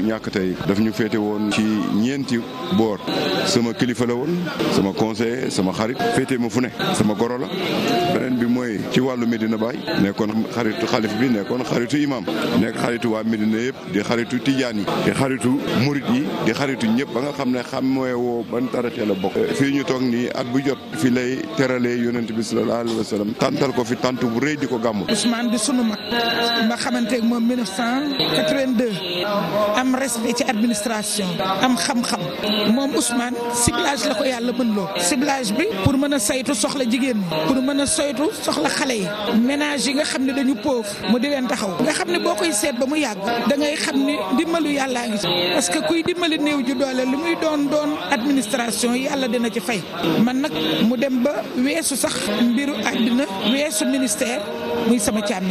ñàkk tey daf ñu féete woon ci ñeenti boor sama kilifa la woon sama conseiller sama xarit féete ma fu ne sama goro la beneen bi wàllu Medina Baye nekkoon xaritu xalif bi nekkoon xaritu imam nekk xaritu waa Medina yëpp di xaritu tijaan yi di xaritu murit yi di xaritu ñëpp ba nga xam ne xamee woo ban tarixe la bokk fii ñu toog nii at bu jot fi lay teralee yonent bi sallallahu alayhi tàntal ko fi tant bu rëy di ko gàmm Ousmane di sunu mag ma xamanteeg moom 1982 am respect ci administration am xam-xam moom Ousmane ciblage la ko yàlla mën loo ciblage bi pour mën a saytu a saytu xale yi yi nga xam ne dañu pauvre mu di leen taxaw nga xam ne boo koy seet ba mu yàgg da ngay xam ne dimbalu yàllaa ngi ci parce que kuy dimbali néew ju doole lu muy doon doon administration yàlla dina ci fay man nag mu dem ba weesu sax mbiru àddina weesu ministère muy sama càmmi